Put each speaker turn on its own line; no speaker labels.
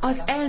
Az el